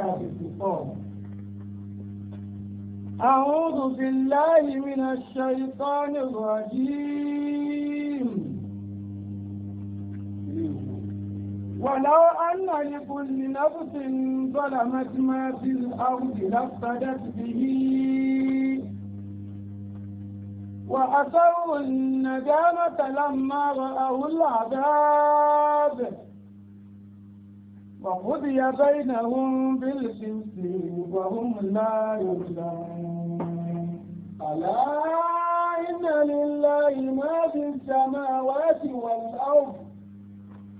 آية 54 أعوذ بالله من الشيطان الرجيم ولو أن لكل نفس ظلمت ما في الأرض لافتدت به وأسروا الندامة لما رأوا العذاب وقضي بينهم بالقسط وهم لا يظلمون ألا إن لله ما في السماوات والأرض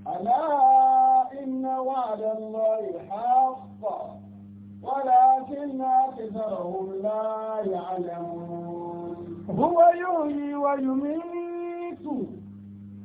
ألا إن وعد الله حق ولكن أكثرهم لا يعلمون هو يحيي ويميت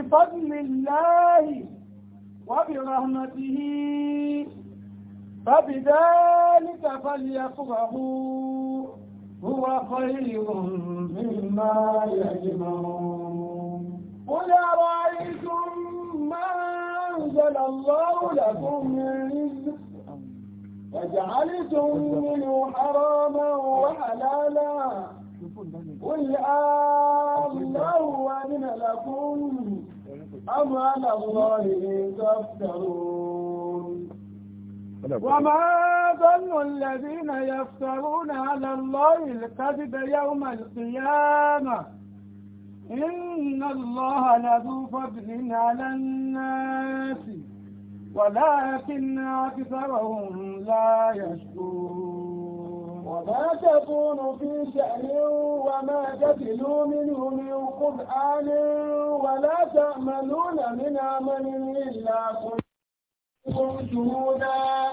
بفضل الله وبرحمته فبذلك فليفرحوا هو خير مما يجمعون قل أرأيتم ما أنزل الله لكم من رزق فجعلتم منه حراما وحلالا قل الله أذن لكم أم على الله تفترون وما ظن الذين يفترون على الله الكذب يوم القيامة إن الله لذو فضل على الناس ولكن أكثرهم لا يشكرون وما تكون في شأن وما تتلو منه من قرآن ولا تعملون من عمل إلا كنتم شهودا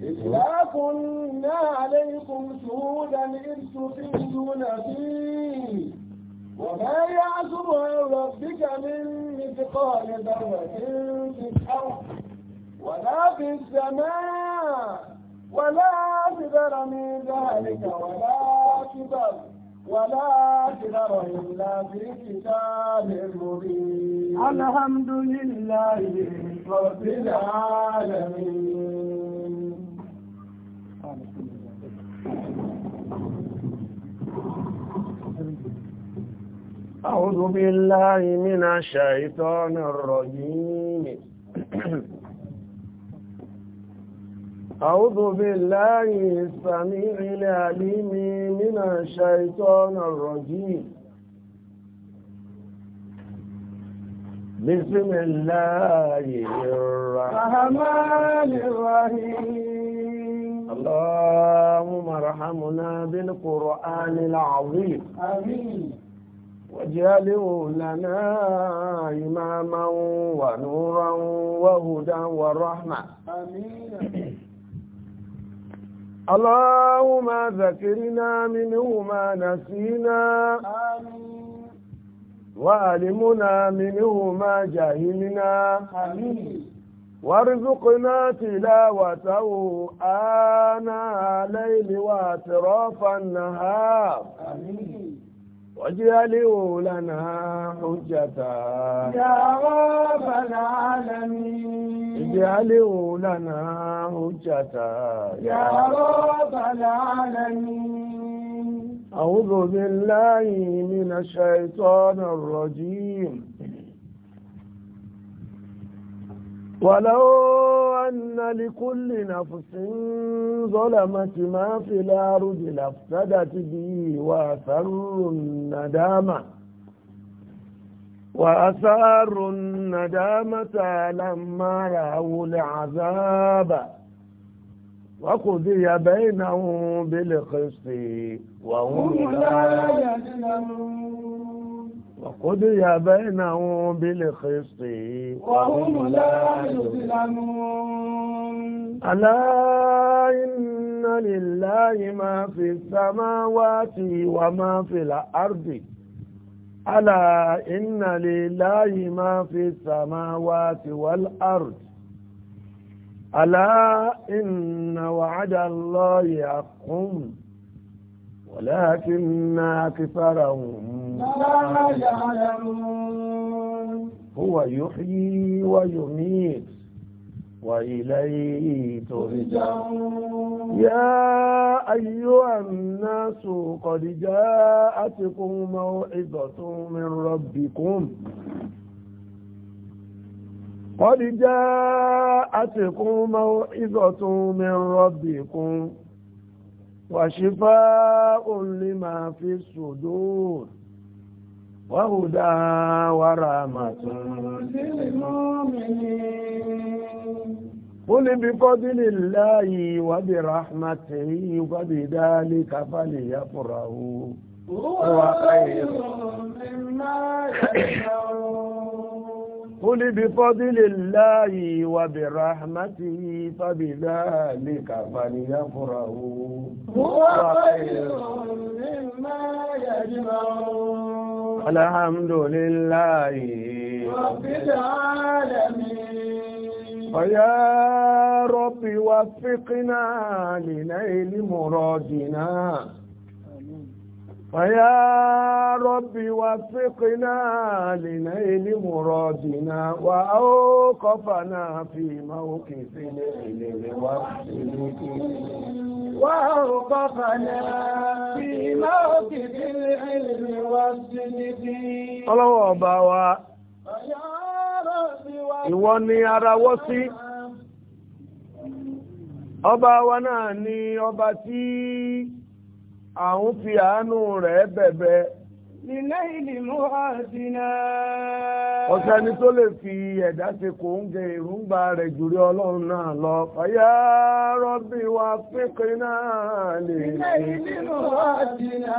إلا كنا عليكم شهودا إذ تفيدون فيه وما يعزب عن ربك من مثقال ذرة في الأرض ولا في السماء ولا كبر من ذلك ولا كبر ولا كبر إلا في كتاب مبين الحمد لله رب العالمين أعوذ بالله من الشيطان الرجيم أعوذ بالله السميع العليم من الشيطان الرجيم بسم الله الرحمن الرحيم اللهم ارحمنا بالقرآن العظيم آمين واجعله لنا إماما ونورا وهدى ورحمة آمين اللهم ذكرنا منه ما نسينا آمين وعلمنا منه ما جهلنا آمين وارزقنا تلاوته آنا الليل وأطراف النهار آمين واجعله لنا حجة يا رب العالمين اجعله لنا حجة يا رب العالمين أعوذ بالله من الشيطان الرجيم ولو أن لكل نفس ظلمت ما في الأرض لافتدت به وأثروا الندامة وأثاروا الندامة لما رأوا العذاب وقضي بينهم بالقسط وهم لا يظلمون Ọ̀kọ́dé yà báyìí náà wọ́n bí lè kìrìsìtì. Wọ́n Aláìnà lèláyìí máa fi samáwáti wà máa fi la'ardi. Aláìnà lèláyìí máa fi samáwáti wà la'ardi. Aláìnà wàádà lọ́yà kún, wàlákin náà kìfàrà hùn لا يعلمون هو يحيي ويميت وإليه ترجعون يا أيها الناس قد جاءتكم موعظة من ربكم قد جاءتكم موعظة من ربكم وشفاء لما في الصدور وهدى ورحمة للمؤمنين قل بفضل الله وبرحمته فبذلك فليفرحوا هو خير مما يجمعون قل بفضل الله وبرحمته فبذلك فليفرحوا هو خير مما يجمعون الحمد لله رب العالمين ويا رب وفقنا لنيل مرادنا فيا ربي وفقنا لنيل مرادنا وأوقفنا في موقف العلم واختلك وأوقفنا في wa ìwọ ni arawọ́ sí ọba wa náà ni ọba tí àwọn ń fi àánú rẹ̀ bẹ̀bẹ̀. Nílé mú àdínà. Ọ̀sẹ̀ ni tó lè fi ẹ̀dá ṣe kò ń gẹ rẹ̀ jùlọ ọlọ́run náà lọ. Fàyà rọ́bì wa pínpín náà lè. Nílé mú àdínà.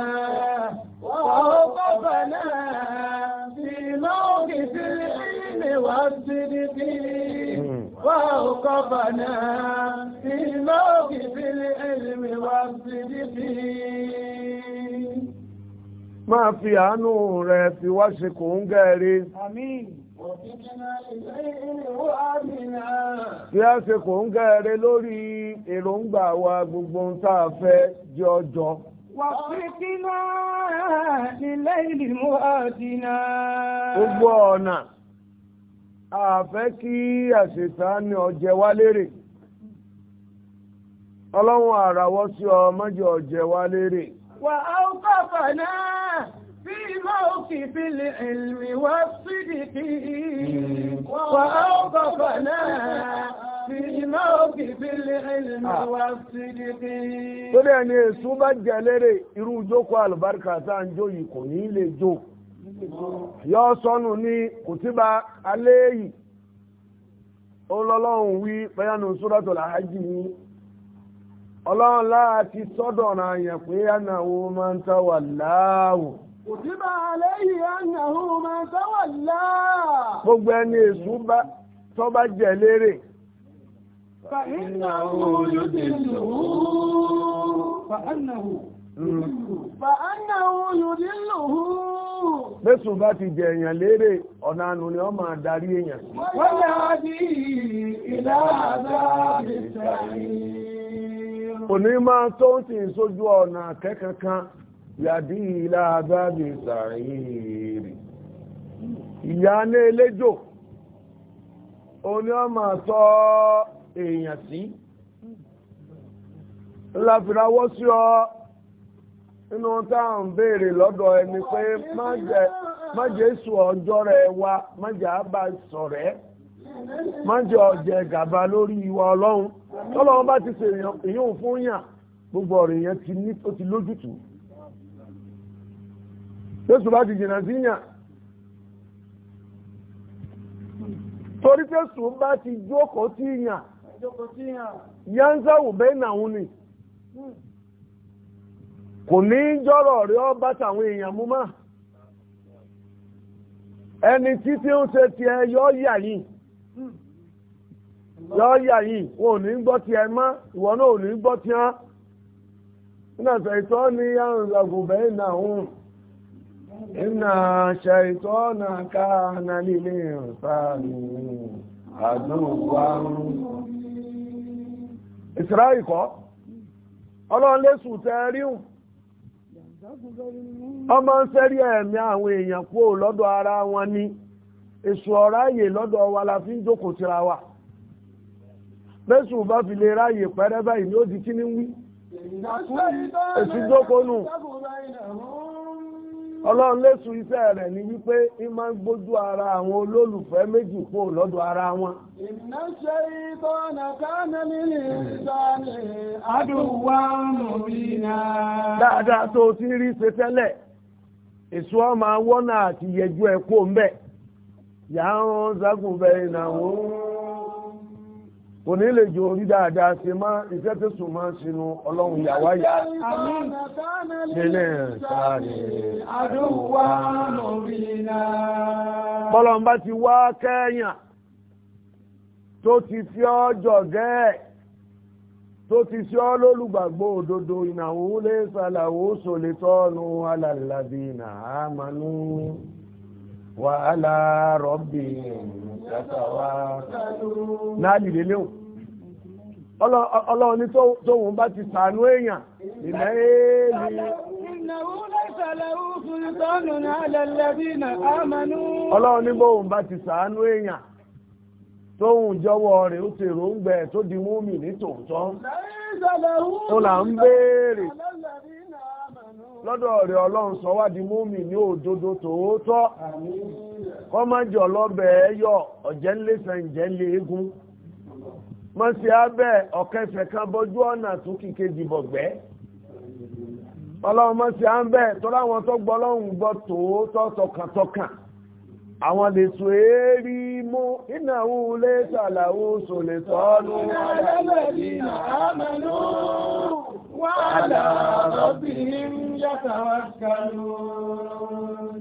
Wọ́n ó فوق بنا في موقف العلم والصدق máa fi àánú rẹ̀ fi wá ṣe kò ń gẹ̀ẹ́rẹ́. Tí a ṣe kò ń gẹ̀ẹ́rẹ́ lórí èròǹgbà wa gbogbo ń tá a fẹ́ jẹ́ ọjọ́. Wà pínpín náà nílé ìlú àdínà. Gbogbo ọ̀nà. àfẹ́ kí àṣetán ni ọ̀jẹ̀ wá lérè ọlọ́run àràwọ́ sí ọ mọ́jọ wá lérè. wà á bí wá wà á kọ́ fàná bí mọ́ọ̀kì bílẹ̀ ìlmi ah. wá sídìkì. lórí ẹni èso bá jẹ lérè irú àlùbáríkà ń jó yìí kò yọ sọnù ní kùtìbà alẹ́ yìí wí pẹ́yánu suratul Hajj ní ọlọ́run láti sọ́dọ̀ ọ̀nà àyàn pé ànàwó máa ń tàwà láàwò kùtìbà alẹ́ ànàwó máa ń tàwà láà gbogbo ẹni èṣù tó bá jẹ lérè Bẹ́sù bá ti jẹ èèyàn lérè ọ̀nà ànù ni ọ máa darí èèyàn. Wọ́n yá di ìlàdá Òní máa tó ń tì sójú ọ̀nà kẹ́kankan, yàdí ìlàdá bí sàárì. Ìyá ní eléjò, òní ọ máa tọ́ èèyàn sí. Láfirawọ́ sí ọ nínú táwọn ń béèrè lọ́dọ̀ ẹni pé má jésù ọjọ́ rẹ̀ wá má jà á sọ̀rẹ́ má jẹ́ ọ̀jẹ̀ gàba lórí ìwà ọlọ́run bá ti ṣe èyàn fún yàn gbogbo ọ̀rọ̀ ti ní ó ti lójútùú jésù bá ti jìnà sí yàn torí jésù bá ti jókòó yàn yánsáwù bẹ́ẹ̀ ni. Hmm. kò ní jọ́rọ̀ rí ọ bá tàwọn èèyàn mú ẹni títí ó ṣe ti ẹ yà yìí yọ́ yà yìí wọn ò ní gbọ́ ti ẹ mọ́ ìwọ náà ò ní gbọ́ ti ọ́ nínú ìtọ́ ni àrùn ìlàgùnbẹ́ ìnà òun ìtọ́ náà ká náà nílé ọmọ ń sẹ́rí ẹ̀mí àwọn èèyàn kú lọ́dọ̀ ara wọn ni èṣù ọ̀ráyè lọ́dọ̀ wa la fi ń jókòó tira wa bẹ́sù bá fi lè ráyè pẹ́rẹ́ báyìí ni ó di kí ní wí èṣù jókòó nù ọlọ́run lẹ́sùn iṣẹ́ rẹ̀ ni wípé ń máa ń gbójú ara àwọn olólùfẹ́ méjì kó lọ́dọ̀ ara wọn. ìnáṣẹ́ ìbọn àkànnà nílé ìdáni àdùnwá mòmìnà. dáadáa tó o ti rí ṣe tẹ́lẹ̀ èso ọmọ awọ́nà àti yẹjú ẹ̀kọ́ ń bẹ̀ yàrá ń zagun bẹ́ẹ̀ náà wọ́n kò ní lè jò orí dáadáa ṣe má iṣẹ́ tó sùn máa sínú ọlọ́run yàwá yà nílẹ̀ sáré àdúgbò àmọ̀rìnà bọ́lọ̀mbá ti wá kẹ́yàn tó ti fi ọ́ jọ̀gẹ́ tó ti fi ọ́ lólùgbàgbọ́ òdodo ìnáwó lè sòlétọ́nù alàlàbí nàá wàhálà rọ̀bì náàlì lélẹ́ o ọlọ́run ní tóhun bá ti sàánú èèyàn ìlẹ́ èèlì ọlọ́run ní bá ti sàánú èèyàn rẹ̀ ń gbẹ̀ tó di múmi ní tòótọ́ ó lọ́dọ̀ ọ̀rẹ́ ọlọ́run sọ wá di múmi ní òdodo tòótọ́ kọ́ má jọ lọ́bẹ̀ ẹ yọ ọ̀jẹ́ ńlẹ́sẹ̀ ǹjẹ́ ńlẹ́ eégún mọ́ sí abẹ́ ọ̀kẹfẹ̀ kan bọ́jú ọ̀nà dìbọ̀gbẹ́ ọlọ́run mọ́ sí abẹ́ tó láwọn tó gbọ́ ọlọ́run gbọ́ tòótọ́ tọkàntọkàn àwọn lè èérí mú ìnáwó lè sàlàwó tọ́nu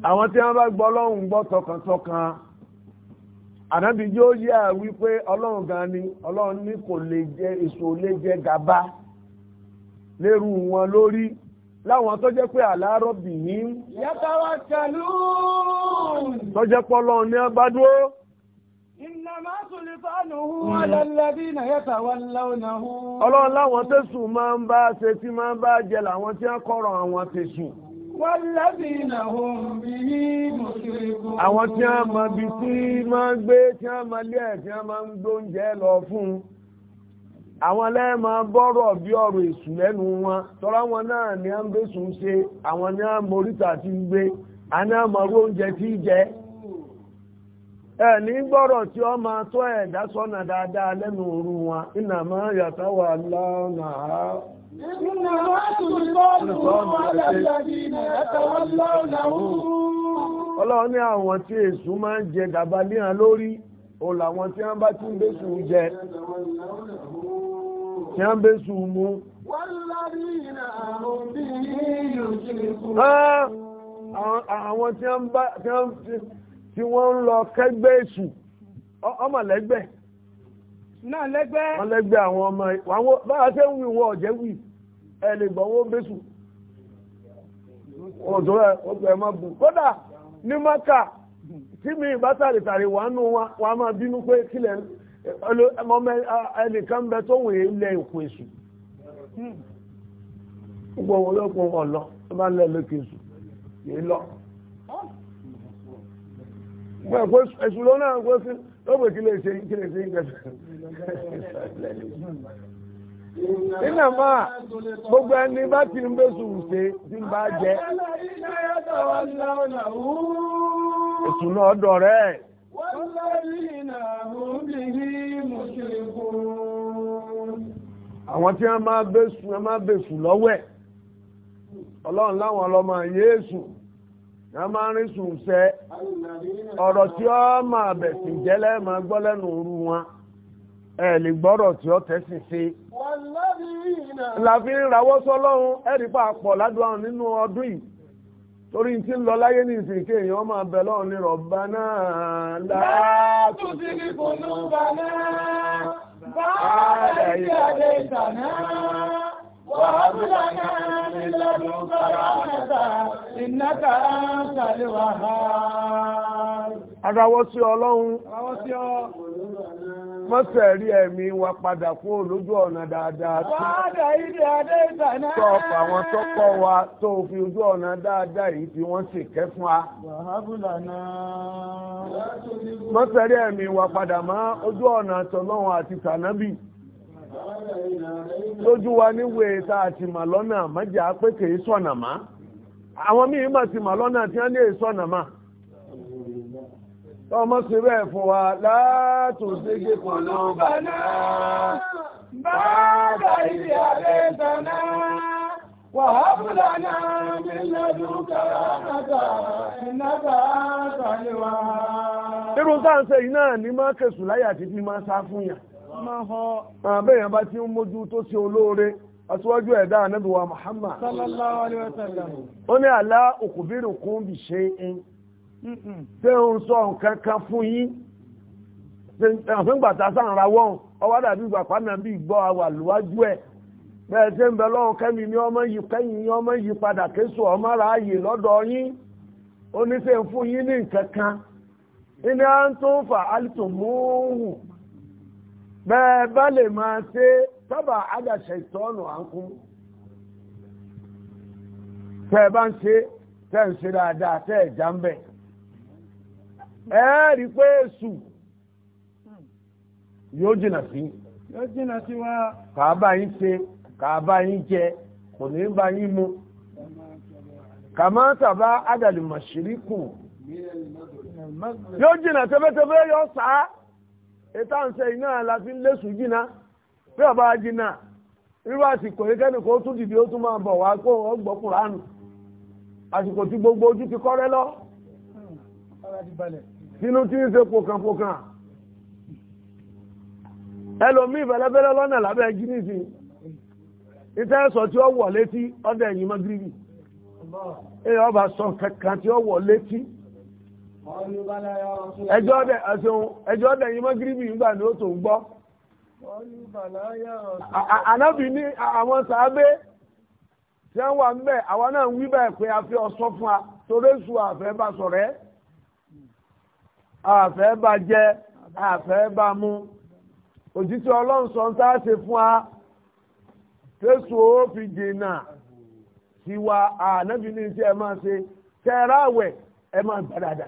àwọn tí wọ́n bá gbọ́ ọlọ́run gbọ́ tọkàntọkàn ànábì yóò yà wípé ọlọ́run gan ni ọlọ́run ní kò lè jẹ èso lè jẹ gàba lérú wọn lórí láwọn tó jẹ́ pé àlárọ̀ bì ní. yàtọ̀ wa kàlú. tó ọlọ́run ní agbádùn ó. Hmm. Ọlọ́run láwọn tẹ́sùn máa ń bá ṣe tí máa ń bá jẹ làwọn tí wọ́n kọ̀rọ̀ àwọn tẹ̀sùn. Àwọn tí wọ́n mọ bí tí máa ń gbé tí wọ́n mọ lé ẹ̀ tí wọ́n máa ń gbóúnjẹ lọ fún. Àwọn lẹ́ẹ̀mọ bọ́rọ̀ bí ọ̀rọ̀ èṣù lẹ́nu wọn. Tọ́lá wọn náà ni a ń gbé sùn ṣe, àwọn ni a mọ ti gbé, a ní a mọ oúnjẹ tí jẹ́. ẹni gbọ́rọ̀ tí ó máa tọ́ ẹ̀dá sọ́nà dáadáa lẹ́nu òru wọn iná máa yàtọ̀ lọ́nà á. na na Ọlọ́run ní àwọn tí èṣù máa ń jẹ dàbà líhàn lórí, ò làwọn tí wọ́n bá tún bẹ́sù jẹ. Tí wọ́n bẹ́sù mú. Àwọn tí wọ́n bá tí wọ́n ń lọ kẹ́gbẹ́ èṣù ọmọ lẹ́gbẹ́ náà lẹ́gbẹ́ wọ́n lẹ́gbẹ́ àwọn ọmọ àwọn báyà ṣe ń wí wọ́n ọ̀jẹ́ wì ẹ lè gbọ́ wọ́n bẹ́sù ọ̀dọ́ ẹ ọgbẹ́ ẹ má bù kódà ní maka tí mi ìbá tàrí tàrí wà nù wọn a máa bínú pé kílẹ̀ ọmọ ẹnìkan bẹ tó wèé lẹ ìkú èṣù gbogbo wọn lọ́pọ̀ ọ̀lọ́ tó bá lẹ́ lókè èṣù yìí lọ ẹ̀sùn lọ náà gbọ́ sí lọ́pẹ̀ kí lè ṣe kí lè ṣe ń gẹ̀ẹ́sì nínà máa gbogbo ẹni bá ti ń bẹ́ sùn ṣe tí ń bá jẹ́ ẹ̀sùn náà ọ̀dọ̀ rẹ̀ àwọn tí wọ́n máa bẹ́ sùn lọ́wẹ́ ọlọ́run láwọn ọlọ́mọ yéésù wọ́n máa ń rí tí ó máa bẹ̀sìn jẹ́lẹ́ máa gbọ́ lẹ́nu òru wọn ẹ lè gbọ́rọ̀ tí ọ tẹ̀sìn sí. làfi ń rawọ́ sọ́lọ́run ẹ̀rí pàpọ̀ ládùn nínú ọdún yìí torí tí ń lọ láyé ní èèyàn máa lọ́run ní rọ̀bá náà وهب لنا من لدنك رحمة إنك أنت الوهاب sí Ọlọ́run. ẹ̀mí wa padà fún olójú ọ̀nà dáadáa tí. Wáàdà ìdí adé àwọn wa tó fi ojú dáadáa yìí tí wọ́n sì kẹ́ fún wa. ẹ̀mí wa padà mọ́ ojú ọ̀nà àti tànábì. lójú wa níwèé tá a ti mà lọ́nà àmájà pé kìí sọ̀nà má àwọn míì mà ti mà lọ́nà tí wọ́n lè sọ̀nà má ọmọ sí bẹ́ẹ̀ fún wa látò ségé kan náà bà náà bá bá ibi àlẹ́ ìtànà wàhábùlà náà mi lọ́dún irun ń náà ní má láyà fi sá àbẹ́yàn ah, bá ti ń mójú tó ṣe olóore aṣíwájú ẹ̀dá anábìwá Muhammad sallallahu alaihi wasallam ó ní àlá òkùnbírin kún bí ṣe ń tẹ́ ń sọ nǹkan kan fún yín àfin gbàtà sáà ra wọ́n ọwọ́ dàbí ìgbàpá náà bí gbọ́ àwà lùwájú ẹ̀ bẹ́ẹ̀ tẹ́ ń bẹ lọ́wọ́ kẹ́mi ní ọmọ yìí kẹ́yìn ní ọmọ yìí padà kéṣù ọmọ ara ààyè lọ́dọ̀ yín oníṣẹ́ fún yín ní nǹkan kan ní à ń tó fà á tó mú hù bẹ́ẹ̀ bá lè máa ṣe tábà àdàṣẹ ìtọ́nù àǹkún tẹ́ bá ń ṣe tẹ́ ń ṣe dáadáa tẹ́ ẹ̀já ń bẹ̀ ẹ rí pé èṣù yóò jìnà sí yóò jìnà sí wa kàá bá yín ṣe kàá yín jẹ kò ní bá yín mu kàmá tàbá àdàlùmọ̀ṣírí yóò jìnà tẹ́fẹ́tẹ́fẹ́ yóò sáá ètò nse iná la fi ń lẹ́sùn jìnnà bí ọba jìnnà na àsìkò yìí kẹ́nìkan tún dìde ó tún máa bọ̀ wá kó o gbọ́ àsìkò gbogbo ojú ti kọrẹ lọ sínú tí ń ṣe pòkànpòkàn ẹlòmí ìfẹ́lẹ́fẹ́lẹ́ lọ́nà lábẹ́ gínísì ìtẹ́ ẹ̀sọ̀ tí ó wọ̀ létí ọdẹ ẹ̀yìn mọ́gírìbì èyí ọba sọ kankan tí ó ẹjọ́ ọ̀dẹ̀ yìí mọ́gíríbì nígbà ní ó tó ń gbọ́ anábì ní àwọn sàábé tí wọ́n wà ń bẹ̀ àwọn náà ń wí bẹ́ẹ̀ pé a fi ọ̀sọ́ fún wa torí èṣù àfẹ́ bá sọ̀rẹ́ àfẹ́ bá jẹ àfẹ́ bá mu òjíṣẹ́ ọlọ́run sọ ń tá a ṣe fún wa tẹ́sù ó fi dènà sí wa ànábì ní iṣẹ́ ẹ máa ṣe tẹ́ẹ̀rá àwẹ̀ ẹ máa gbàdàdà.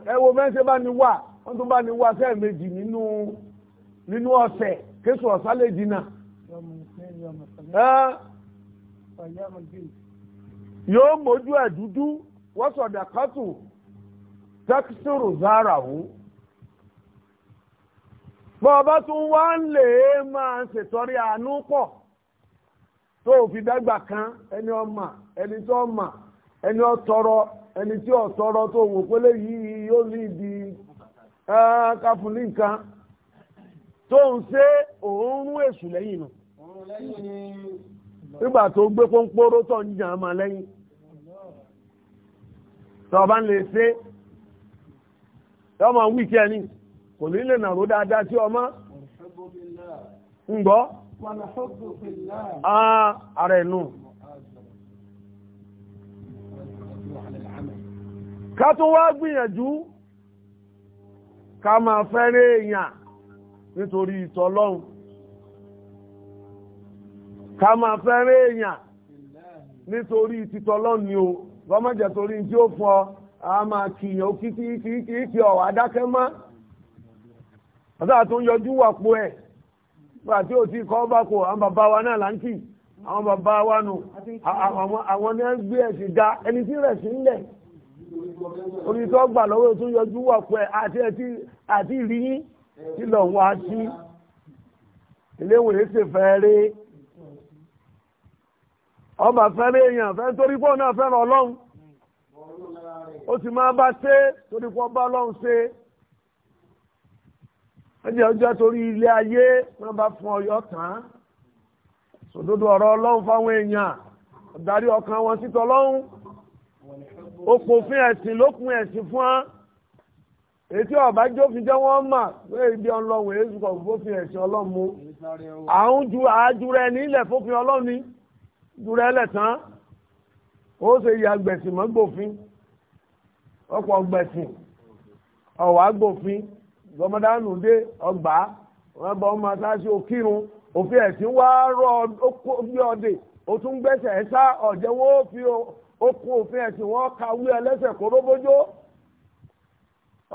ẹ wo mẹ́sẹ̀ bá ní wà wọ́n tún bá ní wà sẹ́ẹ̀mejì nínú nínú ọ̀sẹ̀ kéṣù ọ̀sá lè jìnnà. yóò mójú ẹ̀ dúdú wọ́n sọ̀dà kọ́tù tẹ́kítìrù zára hù. bọ́ọ̀bá tún wá ń lè máa ṣètọ́rí àánú pọ̀ tó fi dágbà kan ẹni ọmọ ẹni tó ọmọ ẹni ọtọrọ ẹni tí ọ sọ̀rọ̀ tó wò pé léyìí yóò ní ibi káfún ní nǹkan tó ń ṣe òórùn èṣù lẹ́yìn nù nígbà tó gbé pọ́npọ́rọ́ tó ń jàn máa lẹ́yìn tọba ń lè tọmọ wíkì ẹni kò ní lè nàró sí ọmọ ń gbọ́ ah, ara ká tó wá gbìyànjú ká máa fẹ́rẹ́ èèyàn nítorí ìtọ́lọ́run ká máa fẹ́rẹ́ èèyàn nítorí ìtìtọ́lọ́run ni o bọ́mọ̀jẹ̀ torí tí ó fọ́ a máa kìyàn ó kí tí kí kí kí ọ̀wà dákẹ́ mọ́ tó ń ti kọ́ bá kò wa náà àwọn bàbá wa nù àwọn orí tó gbà lọ́wọ́ tó yọjú wà pẹ́ àti ìrìyìn tí lọ wá sí iléwòye ṣe fẹ́ẹ́rẹ́ ọmọ fẹ́rẹ́ èèyàn fẹ́ torí pọ́ náà fẹ́ràn ọlọ́run ó sì máa bá ṣe torí pọ́ bá ọlọ́run ṣe ẹjẹ ọjọ́ torí ilé ayé wọ́n bá fún ọyọ́ tán sòdodo ọ̀rọ̀ ọlọ́run fáwọn èèyàn darí ọkàn wọn sí tọlọ́run òpòfin ẹ̀sìn lókun ẹ̀sìn fún wọn ètí ọba jófin jẹ́ wọ́n mà pé ibi ọlọ́run èyí sùkọ̀ fòfin ẹ̀sìn ọlọ́run mu àwọn ju àjùrẹ́ nílẹ̀ fòfin ọlọ́run ni jùrẹ́ lẹ̀ tán ó ṣe ya gbẹ̀sìn mọ́ gbòfin ọ̀pọ̀ gbẹ̀sìn ọ̀wá gbòfin gọmọdánù dé ọgbà wọn bọ ọmọ sáṣẹ òkírun òfin ẹ̀sìn wá rọ ó gbé ọdẹ ó tún gbẹ́sẹ̀ ẹ̀sà ọ̀jẹ̀wọ́ fi okun òfin ẹ̀sìn wọn kawé ẹlẹ́sẹ̀ kó róbójó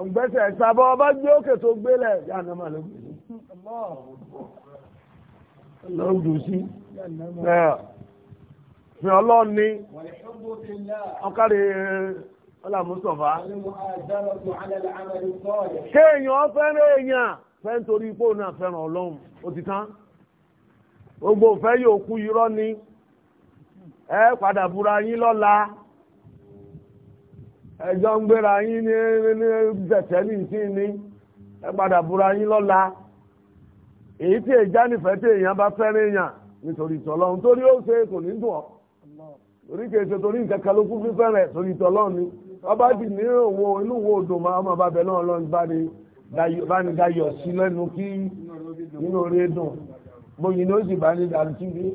ọ̀gbẹ́sẹ̀ ìsàbọ̀ ọba gbé òkè tó gbélẹ̀ yánàmà ló gbé lọ́dù sí fi ọlọ́run ní ọkàrí ọlá mustapha kéèyàn fẹ́ràn èèyàn fẹ́ nítorí ipò náà fẹ́ràn ọlọ́run ó ti tán gbogbo òfẹ́ yòókù irọ́ ni. ẹ padà búra yín lọ́la ẹjọ́ ń gbéra yín ní bẹ̀tẹ̀ ní ìsín ni ẹ padà búra yín lọ́la èyí tí èjá nífẹ̀ẹ́ tí èèyàn bá èèyàn nítorí torí ó ṣe kò ní dùn torí kìí ṣe torí nǹkan kan ló kún torí ni ọba ní inú wo odò máa ọmọ bóyí ní ó sì bá ní dàntírí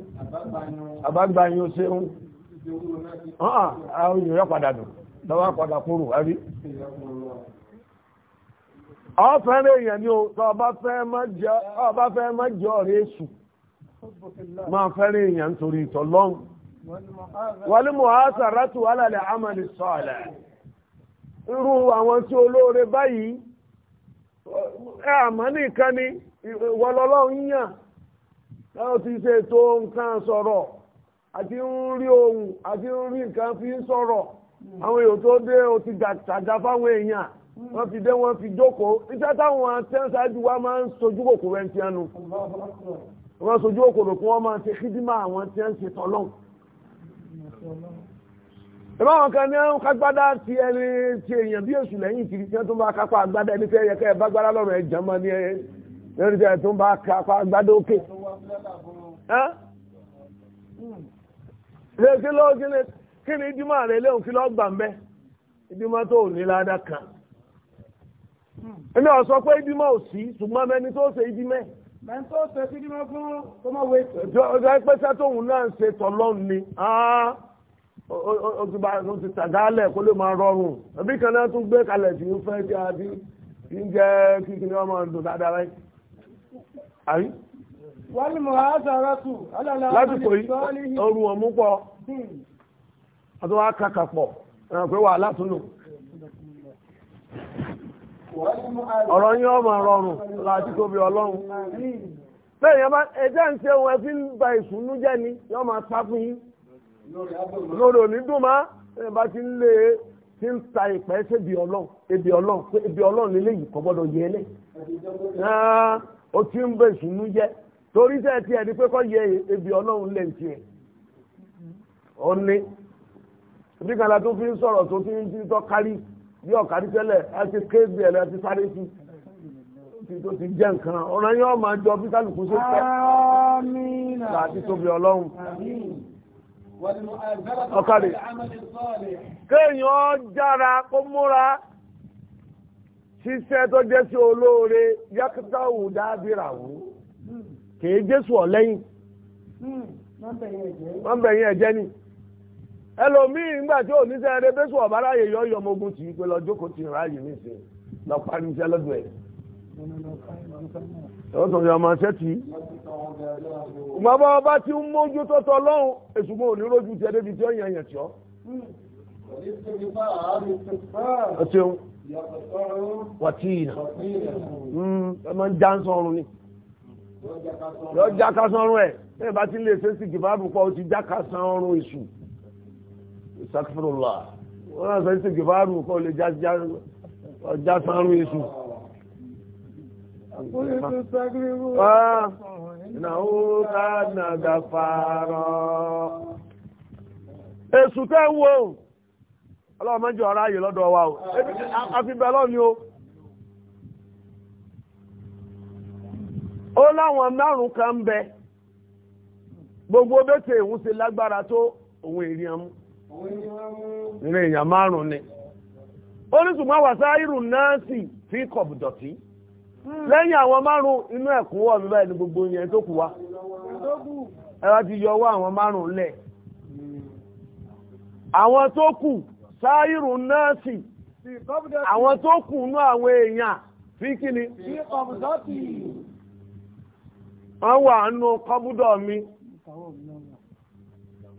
àbágbáyìn ó séun ọ̀hàn àwọn èèyàn padà dùn lọ́wọ́ padà kúrò àrí ọ́fẹ́rẹ́ èèyàn ni ó ọba fẹ́ má jẹ́ ọ̀rẹ́ èṣù máa fẹ́rẹ́ èèyàn nítorí ìtọ̀lọ́run wàlú mọ̀háṣà rátù alàlẹ̀ amàlì sọ́ọ̀lẹ̀ irú àwọn tí olóore báyìí ẹ̀ nìkan náà ti ṣe tó nǹkan sọ̀rọ̀ àti ń rí ohun àti ń rí nǹkan fi ń sọ̀rọ̀ àwọn èèyàn tó dé o ti tàjà fáwọn èèyàn wọ́n fi dé wọ́n fi jókòó iṣẹ́ táwọn atẹ́nsájú wa máa ń sojú kòkòrò ẹni tí a nu wọ́n sojú kòkòrò kí wọ́n máa ṣe kídímà àwọn tí a ń ṣe tọ́lọ́hùn ìbá wọn kan ní ẹ̀hún kágbádá ti ẹni ti èèyàn bí èṣù lẹ́yìn kiri tí wọ́n tún bá kápá agbádá ẹni tẹ́ ẹ̀yẹ kẹ́ ẹ̀ bá gbádá lọ́rọ̀ ẹ̀jẹ̀ mọ́ ní ẹ̀yẹ tẹ́ ẹ̀ tún bá kápá agbádá òkè ṣe kí ló kí ni ìdímọ̀ rẹ̀ léhùn kí ló gbà ń bẹ́ ìdímọ̀ tó ò ní ládàá kan èmi ò sọ pé ìdímọ̀ ò sí ṣùgbọ́n mẹ́ni tó ṣe ìdímẹ́ mẹ́ni tó ṣe ìdímọ̀ fún ọmọwé ọjọ́ pẹ́sẹ́ tóun náà ń ṣe tọ́lọ́n ni ó ti bá ó ti tàgálẹ̀ kó lè máa rọrùn ẹbí kan náà tún gbé kalẹ̀ tí ń fẹ́ tí a ti ń jẹ́ kíkiri ọmọ ọdún dáadáa rẹ̀ àrí lásìkò ọrùn ọ̀mú pọ̀ ọdún wa kàkà pọ̀ ẹ̀rọ pé wà látúnù ọ̀rọ̀ ọmọ rọrùn láti tóbi ọlọ́run bẹ́ẹ̀ yẹn bá ẹjẹ́ ń ṣe ohun ẹfí ń ba ìsúnú jẹ́ ni yọ́ máa sá fún yín lórí òní dùn má ẹ bá ti e ń ta ìpẹ́ sébi ebi ọlọ́run kọ́ gbọ́dọ̀ yẹ ó ti torí sẹ́ tiẹ̀ ni pé kọ́ yẹ ebi ọlọ́run lẹ̀ tiẹ̀ ọ̀ni bí kan la tó fi ń sọ̀rọ̀ tó fi ń ti tọ́ kárí bí ọ̀kárí tẹ́lẹ̀ ẹ ti ké bí ẹ̀ lẹ́ ti sáré sí ti tó ti jẹ́ nǹkan ọ̀rọ̀ yẹn ọmọ àjọ bí kálukú ṣe fẹ́ láti tóbi ọlọ́run ọ̀kadì kéèyàn jára kó múra ṣiṣẹ́ tó jẹ́ sí olóore yàtọ̀ òun dábìrà wò kèé jésù ọ̀lẹ́yìn hmm, wọ́n bẹ̀yìn ẹ̀jẹ̀ ni ẹlòmíì ńgbà tí ò ní sẹ́ ẹrẹ́ bẹ́sù ọ̀bá ráyè yọ ọyọ ọmọ ogun tì í pé lọ́jọ́ kò tì í ráyè nísìn lọ parí iṣẹ́ lọ́dọ̀ ẹ̀. ẹ̀wọ́n tó ń yọ ọmọ ṣẹ́ tì í. bàbá ọba tí ń mójú tó tọ lọ́hùn èṣùgbọ́n ò rójú tiẹ̀ débi tí ó yàn yàn tíọ́. ọ̀ṣun wàtíì hmm, ẹ̀ máa ń já ń sọ̀rùn ni yọ jáka sanrun ẹ̀ ẹ̀ bá ti lè fèsì gìbáàbù pọ̀ ó ti jáka sanrun èṣù ìsàkúrọ̀lá wọ́n náà fèsì gìbáàbù pọ̀ lè já sanrun èṣù. Ìnáwó ah, ká nàdà fàárọ̀. Èṣù tẹ́ ń wo, ọlọ́mọjọ́ ọ̀rá yìí lọ́dọ̀ wa o, àfi bẹ́ẹ̀ lọ́ni o. ó láwọn márùn kan ń bẹ gbogbo bẹ́tẹ̀ ìhun ṣe lágbára tó òun èèyàn mú ìrìn èèyàn márùn ni ó ní ṣùgbọ́n wàsáírù náà sì fi kọ̀bùdọ̀tí lẹ́yìn àwọn márùn inú ẹ̀kúnwọ́ mi báyìí ni gbogbo yẹn tó kù wá ẹwà ti yọ ọwọ́ àwọn márùn lẹ̀ àwọn tó kù sáírù náà àwọn tó kù nú àwọn èèyàn fi kíni wọ́n wà nù kọ́búdọ̀ mi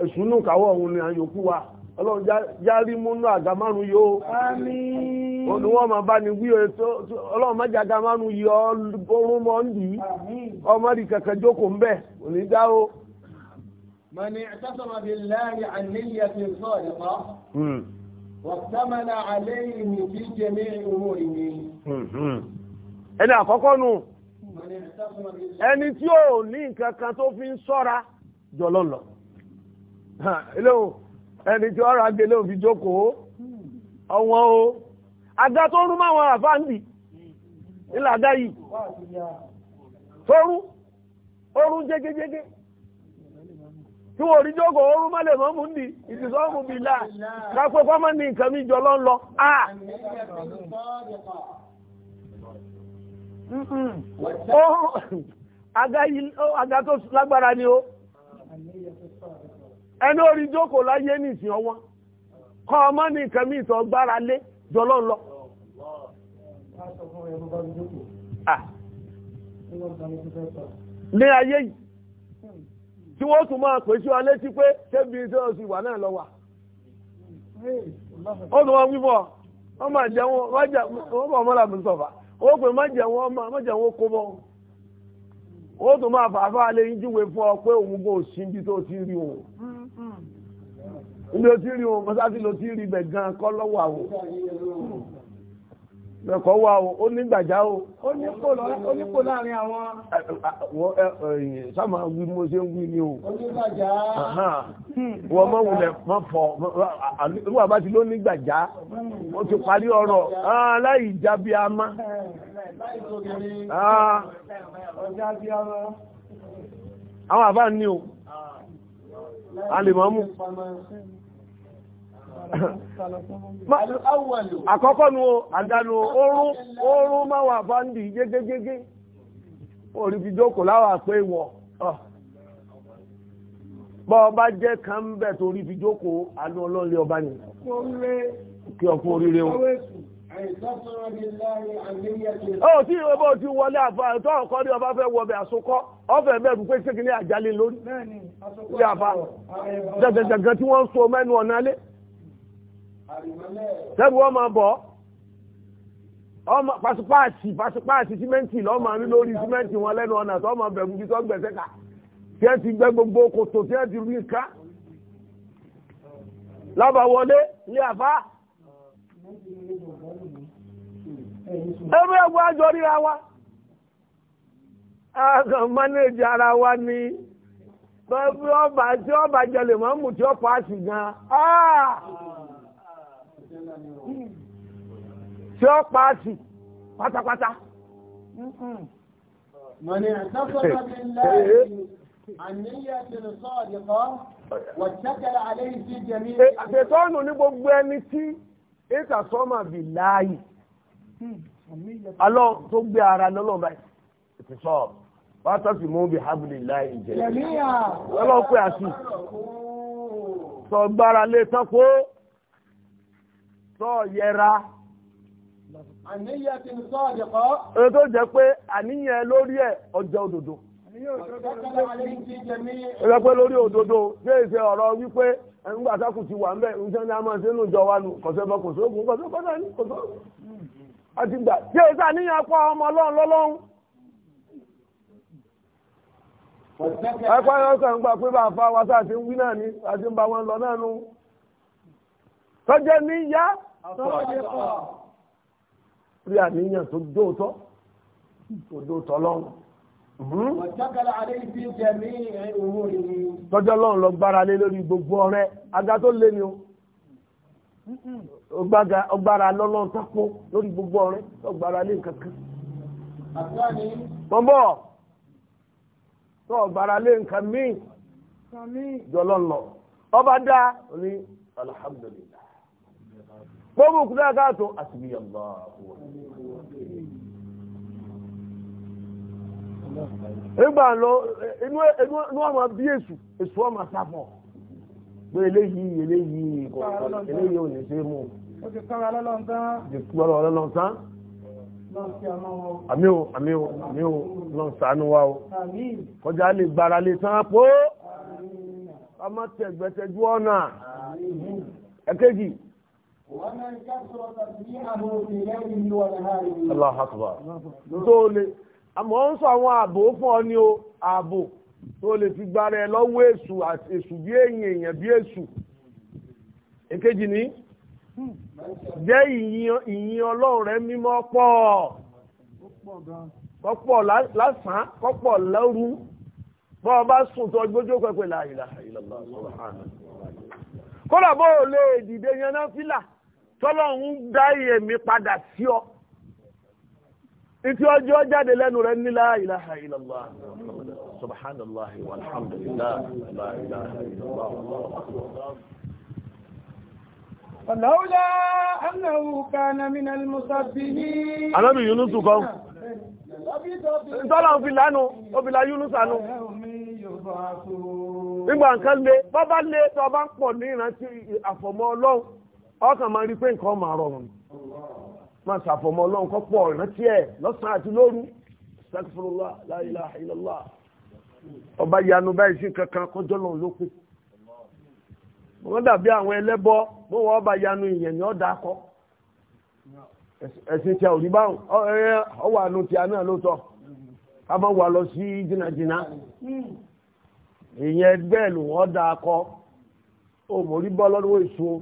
èsùnú kàwọ́ òun ni àyòkú wa ọlọ́run járí múnú àga yóò àmín wọ́n máa bá ní wí ọlọ́run má jàga márùn yọ ọrún mọ́ ń dì í ọmọ rí kẹ̀kẹ́ jókòó ń bẹ̀ òní dá o. mani ẹ̀sọ́sọ́mọ bíi láàrin àníyàn ti sọ ìpa wàtámánà àlẹ́ ìrìn kí jẹ́ ní ìhòòrìn ni. ẹni àkọ́kọ́ nù. ẹni tí ó ní nǹkan kan tó fi ń ṣọ́ra jọlọ lọ ẹni tí ọ̀rọ̀ agbélé òfin jókòó o àga tó rú máwọn àfáàndì nílẹ̀ àga yìí tó rú orú jẹ́gẹ́jẹ́gẹ́ tí wọ́n rí jókòó orú mọ́lẹ̀ mọ́ mú ní ìtìsọ́mù bìlá lápẹ́ kọ́mọ́ ní nǹkan jọ ah! Oh, oh, aga tó lagbara ni o, ẹni orí jókòó láyé ní ọwọ́ kọ́ ọmọ ní nǹkan ìtọ́ gbára lé lọ ah. ní ayé yìí tí wọ́n tún máa pèsè wa létí pé tẹ́bí tí ó sì wà náà lọ wà ó tún wọ́n wípọ̀ wọ́n máa ó pè mọ́jẹ̀ wọn mọ́ mọ́jẹ̀ wọn kó bọ́ ó tún máa fàáfà lé yín júwe fún ọ pé òun kò sí ibi tó ti rí òun mm-hmm. ibi tó ti rí òun mọ́sáàtì ló ti rí ibẹ̀ gan kọ́ lọ́wọ́ àwọn. Ẹ̀kọ́ wà o, ó nígbàjá o. Ó nípò láàrin àwọn. Sáàmà wí mo ṣe ń wí ni o. Ó nígbàjá. Wọ́n mọ́ wùlẹ̀ mọ́ fọ̀. Wà bá ti ló nígbàjá. Ó ti parí ọ̀rọ̀. Ah, láì jábí a má. Láì tóbi rí. Ah. Ọjà bí a má. Àwọn àbá ní o. Ah. A lè mọ́ mú. àkọ́kọ́ nu o àdánù oorun oorun máa wà fáńdì gégégégé orí fi pe láwà pé wọ̀ ah. bọ́ ọba jẹ́ kan ń bẹ̀ torí fi àánú ọba ni kí ọkùn oríire o. ó tí ìwé bó ti wọlé ní ọba fẹ́ àsokọ́ pé tẹ́bù ọmọ bọ̀ ọmọ pàṣípàṣì pàṣípàṣì símẹ́ǹtì lọ́mọ rí lórí símẹ́ǹtì wọn lẹ́nu ọ̀nà tó ọmọ bẹ̀rù bí tó gbẹ̀sẹ̀ kà tí ẹ ti gbẹ gbogbo kòtò tí ẹ ti rí ká lọ́bà wọlé ní àfá ẹgbẹ́ ẹgbẹ́ àjọ ríra wa ẹgbẹ́ mánéjì ara wa ni pẹ̀lú ọba tí ọba jẹlẹ̀ mọ́mù tí ó pàṣì gan-an ah! tí ó pàásì pátápátá mọ̀ni àtàkọ́lá bí láàrín àníyàn tí ó sọ́ọ̀dì kan wà ṣẹ́kẹ̀rẹ̀ àlẹ́yìn sí jẹ́mí àtẹ̀tọ́nù ní gbogbo ẹni tí bí láàyè alọ́ tó gbé ara lọ́lọ́ lè tó yẹra. àníyàn ti ń sọ ọ̀dẹ̀kọ́. èyí tó jẹ́ pé àníyàn lórí ẹ̀ ọjọ́ òdodo. ẹgbẹ́ pé lórí òdodo yóò ọ̀rọ̀ wípé ńgbà sákù ti wà ńbẹ̀ ń sẹ́ni wa nù kọ̀sẹ́bọ̀ kò sóògùn ọmọ ọlọ́run sọ́ọ́dẹ́kọ̀ rí àníyàn tó dóòtọ́ tó dóòtọ́ lọ́rùn. Tọ́jọ́ lọ́run lọ gbára lé lórí gbogbo ọ̀rẹ́ aga tó lé ni o. Ọgbára lọ́lọ́run tápó lórí gbogbo ọ̀rẹ́ ọgbára lé nǹkankan. Tọ́bọ̀ tọ́ ọgbára lé nǹkan míì jọ lọ́nà. Ọba dá oní alhamdulillah gbogbo òkúta káàtó àsìbí yàgbà nígbà lọ inú ọmọ bí èsù èsù ọmọ sáfọ̀ pé eléyìí eléyìí eléyìí ò ní lọ sànú wa o kọjá lè gbára lè tán ọmọ tẹ̀gbẹ̀tẹ̀jú ọ̀nà ẹ̀kejì ومن كثر تسبيحه في ليله ونهاره الله اكبر tó lè àmọ́ ń sọ àwọn ààbò fún ọ ní o ààbò tó lè fi gbára ẹ lọ́wọ́ èṣù àti èṣù bí èyàn èyàn bí èṣù èkejì ní jẹ́ ìyìn ọlọ́run rẹ mímọ́ pọ̀ kọ́pọ̀ lásán kọ́pọ̀ lẹ́rú bọ́ ọba sùn tó gbójó pẹ́pẹ́ láàrín tọ́lọ́hún dá ìyẹ̀mí padà sí ọ ìtí ọjọ́ jáde lẹ́nu rẹ̀ ní la ilaha illallah subhanallah walhamdulillah la ilaha illallah Ọ̀lọ́wọ́lá annahu kana min al-musabbihin. Alábì Yúnúsù kan. Ìtọ́lá òfin lánú, òfin la Yúnúsù ànú. Nígbà nǹkan lé, bọ́ bá tọ́ bá pọ̀ ní ìrántí àfọ̀mọ́ Ọlọ́run. ọkàn máa rí pé nǹkan máa rọrùn máa ṣàfọ̀mọ́ ọlọ́run kọ́ pọ̀ ìrántí ẹ̀ lọ́sàn àti lóru ọba yanu báyìí sí kankan kọjọ lọ́run ló pé wọ́n dàbí àwọn ẹlẹ́bọ bó ọba yanu ìyẹn ni ọ̀dà akọ ẹ̀sìn tí a ò rí báwọn àánú tí a náà ló a máa wà lọ sí jìnnàjìnnà akọ èso.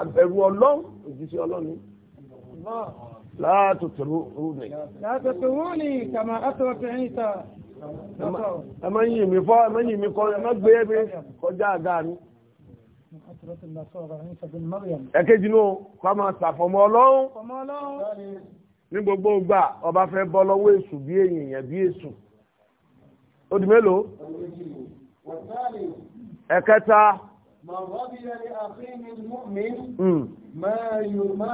àbẹ̀rù ọlọ́run òjíṣẹ́ ọlọ́run láàtò tẹ̀rù òní. láàtò tẹ̀rù òní kàmà àtọ̀tẹ̀ ìta. ẹ má yìn mí fọ́ ẹ má yìn mí kọ́ ẹ má gbé mi kọjá àga mi. ẹ̀kejì náà kọ́ máa ṣàfọ̀mọ́ ọlọ́run ní gbogbo gbà ọba fẹ́ bọ́ lọ́wọ́ èṣù bí èèyàn bí èṣù. ó di mélòó? ẹ̀kẹta. من رضي لأخيه المؤمن ما ما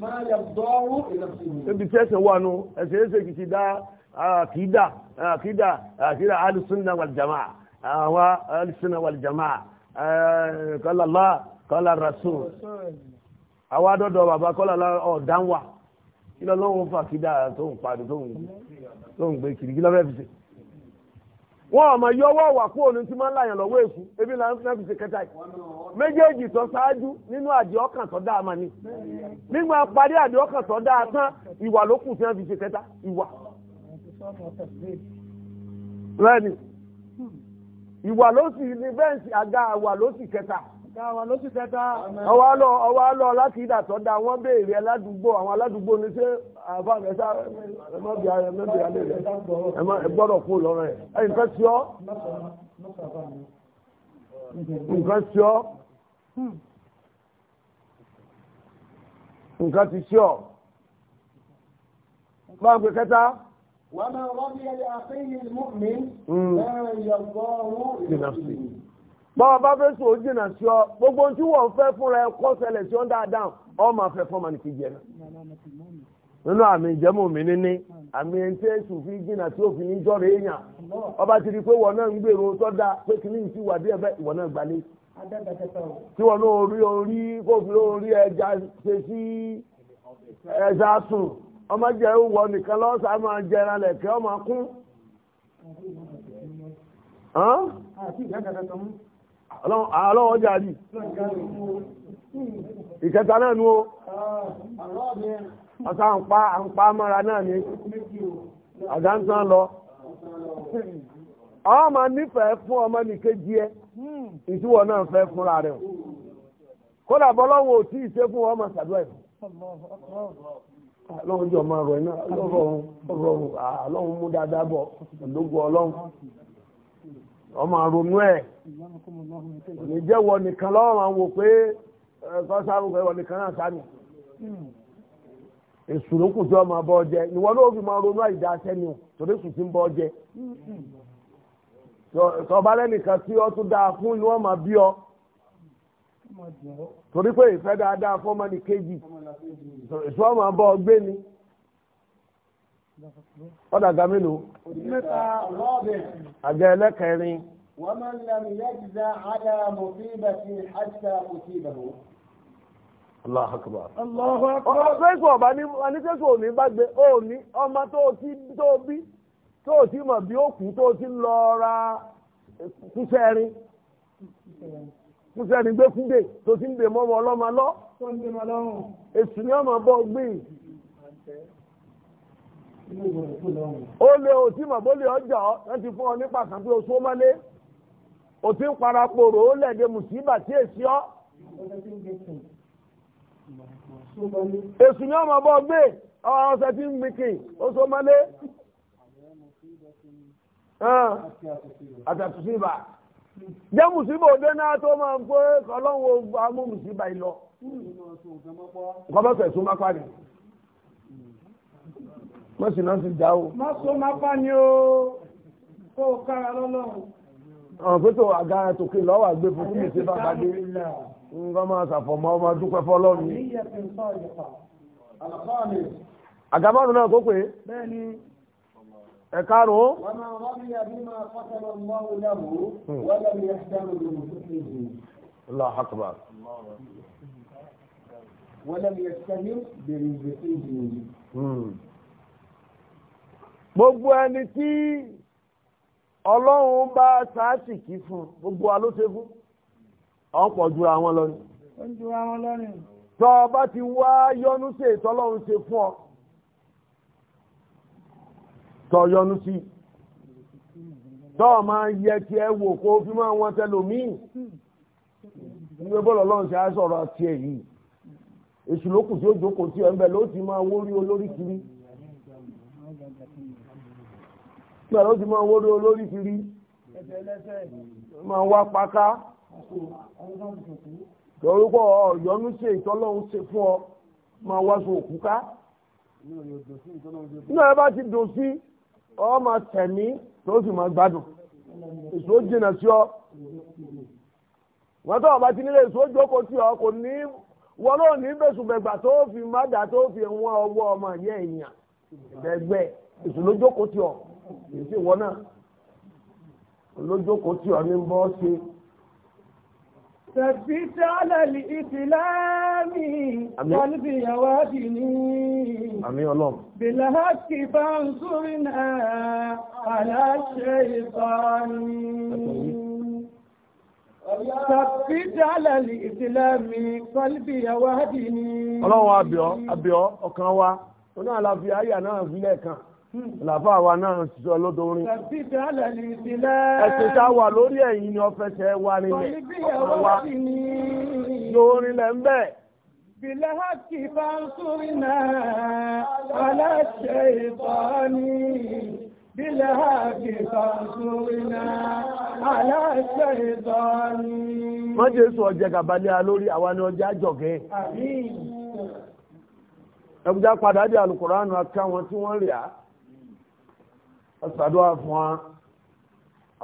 ما يرضاه لنفسه. ibi tí ẹsẹ̀ wà nù ẹsẹ̀ ẹsẹ̀ kìí ti dá àkídà àkídà àkídà alùsùnà wàlìjàmà àwọn alùsùnà wàlìjàmà kọlọlá kọlọ rasul àwọn adọ́dọ̀ bàbá kọlọlá ọ̀dánwà kí lọ́wọ́ fà kídà tó ń parí tó ń gbé kiri kí lọ́wọ́ fi ṣe. wọn ọmọ yọwọ́ wà kú òní tí máa ń láyàn lọ́wọ́ èkú ebi là ń fi ṣe kẹta yìí méjèèjì tó ṣáájú nínú àdìẹ ọkàn tó dáa máa ní nígbà parí àdìẹ ọkàn tó dáa tán ìwà ló kù tí wọn fi ṣe kẹta ìwà. ìwà ló sì ní bẹ́ẹ̀nsì àga ló sì kẹta. ọwọ́ alọ́ láti ìdàtọ̀ wọ́n béèrè aládùúgbò àwọn aládùúgbò ní ṣé àfáàmẹ́sá ẹmọ́bí ẹmọ́bí alẹ́ rẹ̀ ẹgbọ́dọ̀ kú lọ́rọ̀ ẹ̀ ẹ̀yìn kan sí ọ́ nǹkan ti sí ọ́ bá ń kẹta. wàá máa bí ẹyà báwa bá fẹ́ sùn ó sí gbogbo ohun tí wọ́n fẹ́ fúnra ẹ kọ́ ṣẹlẹ̀ sí ọ dáadáa ọ máa fẹ́ fọ́ọ̀mà nínú àmì ìjẹ́mú mi níní àmì ẹ̀ńtẹ́ fi jìnnà tí òfin ń jọ̀rọ̀ èèyàn ọba ti di pé wọn náà ń gbèrò sọ́dà pé kìíní ti wà bí ẹ̀fẹ́ ìwọ náà tí wọn náà rí orí ẹja ṣe sí ẹja sùn ọmọ jẹ wọ nìkan ọlọ́wọ́ ah, jàrí ìkẹta náà ní o ọ̀sá ń pa mọ́ra náà ní lọ ọ ma nífẹ̀ẹ́ fún ọmọ n'ike ẹ ìtúwọ̀ náà fẹ́ fúnra rẹ̀ kódà bọ́lọ́wọ́ ò tí ì ṣe fún ọmọ sàdúrà ẹ̀fọ́ lọ́wọ́ jọ máa rọ̀ iná ọmọ ronú ẹ̀ òní jẹ́wọ́ nìkan lọ́wọ́ máa wò pé kọ́sáàbù pé wọ́n nìkan náà sáni èsù ló kù tí wọ́n máa bọ́ jẹ ìwọ náà fi máa ronú àìdá sẹ́ni torí sùn ti ń bọ́ jẹ tọba lẹ́nìkan tí ó tún dáa fún inú ọmọ bí ọ torí pé ìfẹ́ dáadáa fọ́mọ́ni kejì èsù ọmọ bọ́ gbé ni. Ọ ga mélòó. mẹ́ta rọ́ọ̀bì. àjẹ́ ẹlẹ́kẹrin. wọ́n máa ń lẹ́nu yẹ́jìdá àdá mọ̀fíbà sí àṣà mọ̀fíbà lọ. Allahu akbar. Allahu akbar. Ọ̀rọ̀ sẹ́sùn ọ̀bá ní anísẹ́sùn òní bá gbé òní ọmọ tó ti tó bí tó ti mọ̀ bí ó kú tó ti lọ ra kúsẹ́rin gbé kúndé tó ti ń ọlọ́mọ lọ. Èsì ni ọmọ bọ́ gbìn. ó lè òtí màbólè ọjọ́ wọ́n ti fún ọ ní pàṣán pé oṣù mọ́lé ó ń parapòrò ó mùsíbà tí èsì ọ́ èsù ní ọmọ bọ́ gbé ọ̀sẹ̀ tí ń gbìkì oṣù mọ́lé àtàtúnṣíbà jẹ́ mùsíbà òde náà tó máa ń pé ọlọ́run amú mùsíbà ìlọ kọ́mọ́sẹ̀ tó máa pàdé má sì náà sì dá o. má so má bá ní o kó o kára lọ́lọ́run. àwọn pé tó àga tòkè lọ́wọ́ àgbẹ̀ fún mi ṣe bàbá dé nǹkan máa ṣàfọ̀mọ́ ọmọ dúpẹ́ fọlọ́run. àgàbọ̀nù náà kó pé. bẹ́ẹ̀ni ẹ̀kárùn-ún. wọ́n máa rọ́bì àbí máa fọ́tẹ̀lọ́ mọ́ ìlàwó wọ́n lẹ́nu ẹ̀ṣẹ̀ الله أكبر ولم يستهم برزقه gbogbo ẹni tí ọlọ́run bá sáàsìkì fún gbogbo wa ló ṣe fún ọ̀pọ̀ jura wọn lọ ni. tọ́ ọ bá ti wá yọnu sí ètò ọlọ́run ṣe fún ọ tọ́ yọnu sí tọ́ ọ máa yẹ kí ẹ wò kó fi máa wọn tẹlòmíì nígbà bọ́ọ̀lù ọlọ́run ṣe á sọ̀rọ̀ tiẹ̀ yìí èṣù lókùn tí ó jókòó tí ẹ ń bẹ̀ ló ti máa wórí olórí kiri. gbàrà ó ti máa wá paká ọ̀yọ́nú fún ọ máa wá sọ nínú ẹ bá ti dùn sí ọ tẹ̀mí tó sì gbádùn èso sí ọ wọ́n tó ọba ti nílé èso jókòó tí ọ kò ní wọ́n ní bẹ̀sùbẹ̀gbà tó fi má dà tó fi wọ́n ọwọ́ ọmọ ìyá èèyàn bẹ̀gbẹ̀ èso ló jókòó tí ọ. kì í sì wọ́n náà olójókòó tí ọ ní bọ́ sí. Tẹ̀bítí alẹ́lì ìsìláàmì kọlùbí àwádì ní àmì ọlọ́m. Bìláàkì bá ń súrí náà aláṣẹ ìbáni. Tẹ̀bítí alẹ́lì ìsìláàmì kọlùbí àwádì ní. Ọlọ́run àbíọ́, àbíọ́, ọkàn wa, oní àlàáfíà ayà náà fílẹ̀ kan. làbá wa náà sọ lọ́dọ̀ orin. ẹ̀sìn tá a wà lórí ẹ̀yìn ni ọ̀fẹ́sẹ̀ wa nílẹ̀ wa lórí lẹ̀ ń bẹ̀. بالحق فانصرنا على الشيطان بالحق فانصرنا على الشيطان. wọ́n jẹ́ sọ ọjà gàbálẹ́ a lórí àwa ni ọjà àjọ̀gẹ́. ẹ̀bùjá padà dé alukóránù àti àwọn tí wọ́n rí a. ṣàdúrà fún wa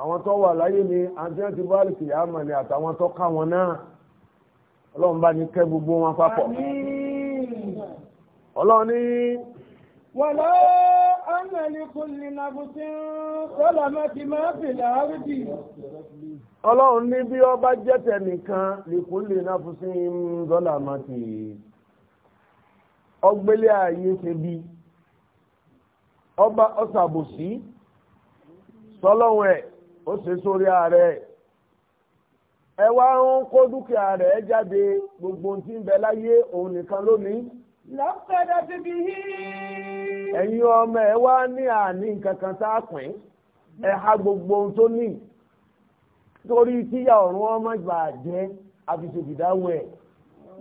àwọn tó wà láyé ni àti àti báàlì kìyà àmà ni àtàwọn tó ká wọn náà ọlọ́run bá ní kẹ́ gbogbo wọn papọ̀ ọlọ́run ní. wàlá ánàlìkùn ní nàbùsí sọ́làmẹ́tì máa fi làárìdì. ọlọ́run ní bí ọba jẹ́tẹ̀ nìkan lìkùn lè nàbùsí sọ́làmẹ́tì ọgbẹ́lẹ́ ààyè ṣe bíi. ọba ọ̀sàbòsí sọlọ́wọ́ ẹ̀ ó ṣe sórí ààrẹ ẹ wá ń kó dúkìá rẹ̀ jáde gbogbo ohun tí ń bẹ láyé òun nìkan lónìí. lọ́pẹ̀dọ̀ ti bí i. ẹ̀yin ọmọ ẹ wá ní àní nǹkan tá a pín ẹ ha gbogbo ohun tó ní torí tíyà ọ̀run ọmọ ìgbà jẹ́ àfìṣègìdáwọ̀ ẹ̀.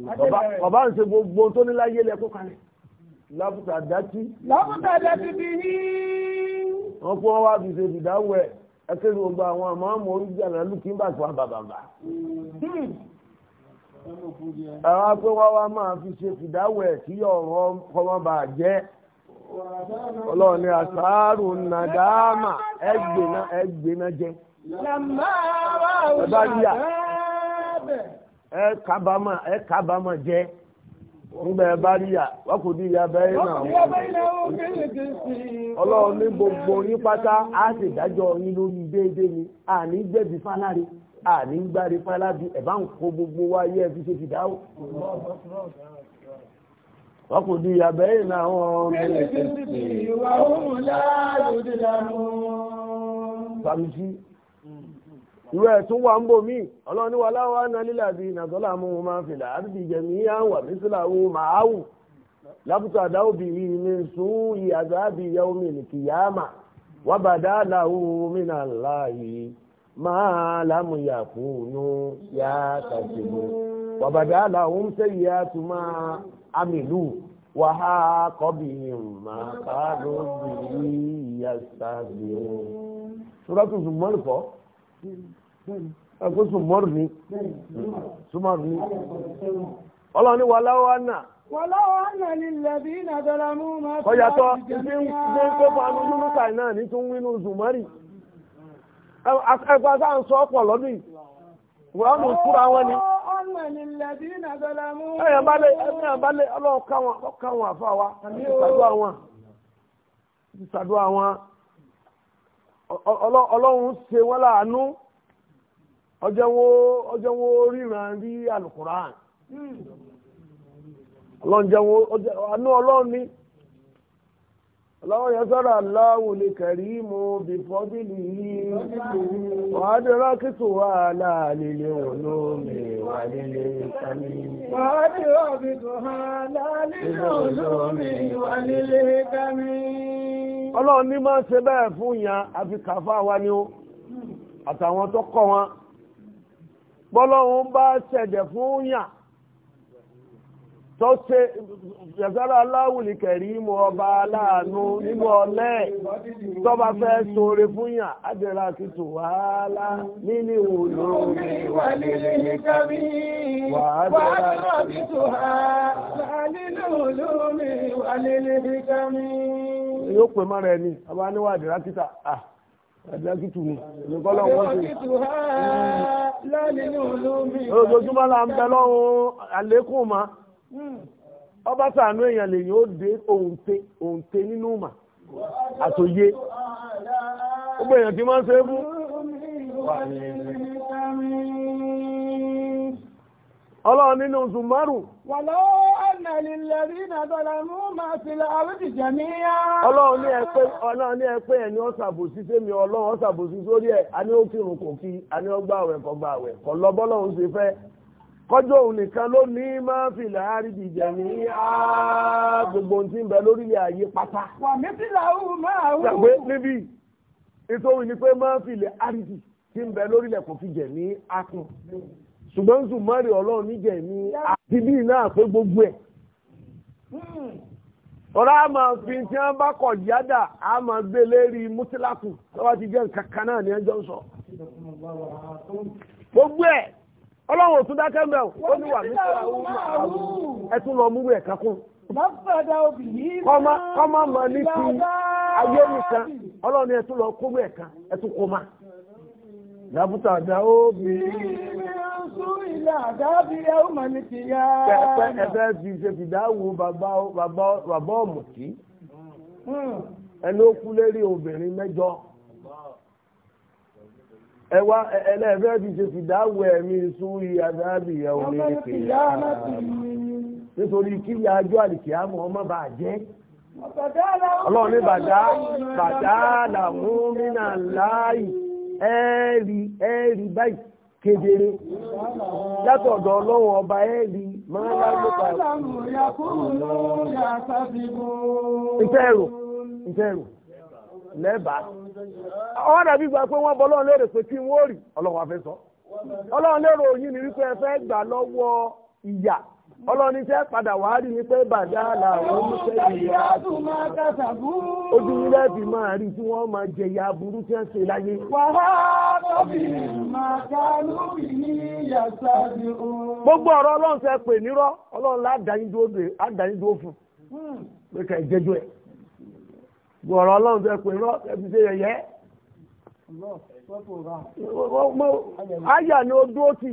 bàbá ń ṣe gbogbo tó ní láyé lẹ́kọ́ kalẹ̀ lábùkà dátí lábùkà dátí bí i wọ́n kó wá fi ṣe ìdáwọ̀ ẹ̀ ẹkẹ́rù ọgbà àwọn àmọ́ àmọ́ orí jàǹdà lùkì ń bà fún àbàbàbà àwọn pé wá wá máa fi ṣe ìdáwọ̀ ẹ̀ kí ọ̀rọ̀ kọ́mọ́ bà jẹ́ ọlọ́run ni àṣàrù nàdáàmà ẹgbẹ̀ná jẹ́ lámàrà òṣàlẹ̀ ẹ kábàámà ẹ kábàámà jẹ́ ńgbẹ́ bá rí yà wọ́n kò ìyá náà ní gbogbo ní pátá á sì dájọ́ yín lórí déédéé ni àní gbẹ̀bí fáláre àní gbáre fálábí ẹ̀bá ń kó gbogbo wáyé ẹ̀ fi ṣe ti dáwọ́ wọ́n kò ìyá náà ìwà òun irú ẹ̀ tún wà ń bò míì ọlọ́ni wa láwa ná lílà bíi nàdọ́là mú un máa fìlà àbíbí jẹ̀mí àwọn àmísílà òun màá wù lábùtà àdáwò bíi mi sùn ìyàgbá bíi yẹ omi nìkìyàmà wàbàdà làwù mí nà láàyè máa lámù yàkùnú yá kàṣìbò wàbàdà làwù ń sẹ́yìí àtúmọ̀ àmìlú wàhá kọ́bìnrin máa bá lóbi yíyá sábẹ́ o. Sọ́dọ́tù Zùmọ́lù kọ́ ẹ̀kọ́ sùmọ́rù ni sùmọ́rù ni ọlọ́run ní wàláwọ́ àná wàláwọ́ àná ni lẹ́bí ìnàdọ́lá mú máa fi ọjọ́ ìgbé ń kó fanu lúlùkà náà ní tún wínú zùmọ́rì ẹgbẹ́ sáà ń sọ ọ̀pọ̀ lọ́dún yìí wọ́n mú kúra wọn ni ẹ̀yàn bá lé ẹ̀yàn bá ọlọ́run káwọn wọ́n láàánú. Ọjọwọ wo ríran rí alukuran anú ọlọ́run ni ọlọ́run yẹn sọ́dọ̀ aláwọ̀ lè kẹ̀rí mu bí yìí wàá dẹ́rọ́ kìtù wà láàlélẹ̀ wọn mi wà nílé sami. wàá dẹ́rọ́ kìtù wà wà nílé ṣe bẹ́ẹ̀ fún ìyá wa ni ó àtàwọn bọ́lọ́run bá ṣẹ̀dẹ̀ fún yàn tó ṣe ṣẹ̀sára aláwùlì kẹ̀rí ọba aláàánú nínú ọlẹ́ tọ́ba fẹ́ sóore fún yàn ábẹ̀rẹ̀ àkìtù wàhálà níní òòlù wà nílé ní kábí wàhálà àkìtù wàhálà nílé òòlù mi wà nílé ní ẹ̀dẹ́kìtù ni ìlúkọ́lọ́ wọ́n ti ojoojúmọ́ la ń bẹ lọ́wọ́ àlékún ma ọba sàánú èèyàn lè yóò dé òǹtẹ òǹtẹ nínú mà àtòyé gbogbo èèyàn tí máa ń ṣe é fún ọlọ́run nínú zumaru wàlọ́ ẹ̀nàlélẹ́rí nàdọ́là mú máa fi lọ àrídìjẹ́ ní yá. ọlọ́run ní ẹ̀pẹ́ ọlọ́run ní ẹ̀pẹ́ ẹ̀ ní ọ̀sàbòsí sẹ́mi ọlọ́run ọ̀sàbòsí sórí ẹ̀ a ní ó kírun kò kí a ní ó gbà àwẹ̀ kò gbà àwẹ̀ kò lọ bọ́lọ́run ṣe fẹ́ kọjọ́ òun nìkan ló ní máa fi lọ àrídìjẹ́ ní yá gbogbo ohun tí ń bẹ lórílẹ̀ ayé pátá. wà mí sí làwọn ní akun ṣùgbọ́n sùn mọ́rì ọlọ́run níjẹ̀ ní àti bí náà pé gbogbo ẹ̀. ọ̀rọ̀ a máa fi tí wọ́n bá kọ̀ yádà a máa gbé lérí mútíláàkù lọ́wọ́ ti jẹ́ nǹkan kan náà ní ẹjọ́ ń sọ. gbogbo ẹ̀ ọlọ́run ò tún dákẹ́ mẹ́ ó ní wà ní ẹ tún lọ múrú ẹ̀ kọ́má máa ní ti ayé nìkan ọlọ́run ẹ tún lọ kó mú ẹ̀ kan ẹ tún kó má. lábútà dá ó sún ilẹ̀ àdábí ẹ̀hùnmọ̀ ní ti yá. pẹpẹ ẹfẹ fi ṣe fìdáwò bàbá ọ̀mùtí hmm. ẹni ó kú lérí obìnrin mẹ́jọ ẹwà ẹlẹ́fẹ́ fi ṣe fìdáwò ẹ̀mí sún ilẹ̀ àdábí ẹ̀hùnmọ̀ ní ti yá nítorí kí ìyá ajọ́ àlìkìyàmọ̀ ọmọ bá jẹ́ ọlọ́run ní bàdá bàdá làwọn mìíràn láàyè ẹ̀ẹ́rì ẹ̀ẹ́rì báyìí kedere látọ̀dọ̀ ọlọ́run ọba ẹ́ẹ̀rí máa ń lágbópa ìfẹ́rù ìfẹ́rù lẹ́bàá ọwọ́n dàbí gba pé wọ́n bọ́lọ́run lérò pé kí wọ́n rí ọlọ́run afẹ́ ọlọ́run lérò yìí ni wípé ẹ gbà lọ́wọ́ ìyà ọlọ́ni tẹ́ padà wá rí ní pé bàdá làwọn oníṣẹ́ ìyá ojú ilẹ̀ fi máa rí tí wọ́n máa jẹ̀yà burú tí wọ́n ṣe láyé. gbogbo ọ̀rọ̀ ọlọ́run pè nírọ́ ọlọ́run ládàáyín dúró fún hmm. pé gbogbo ọ̀rọ̀ ọlọ́run pè nírọ́ ṣe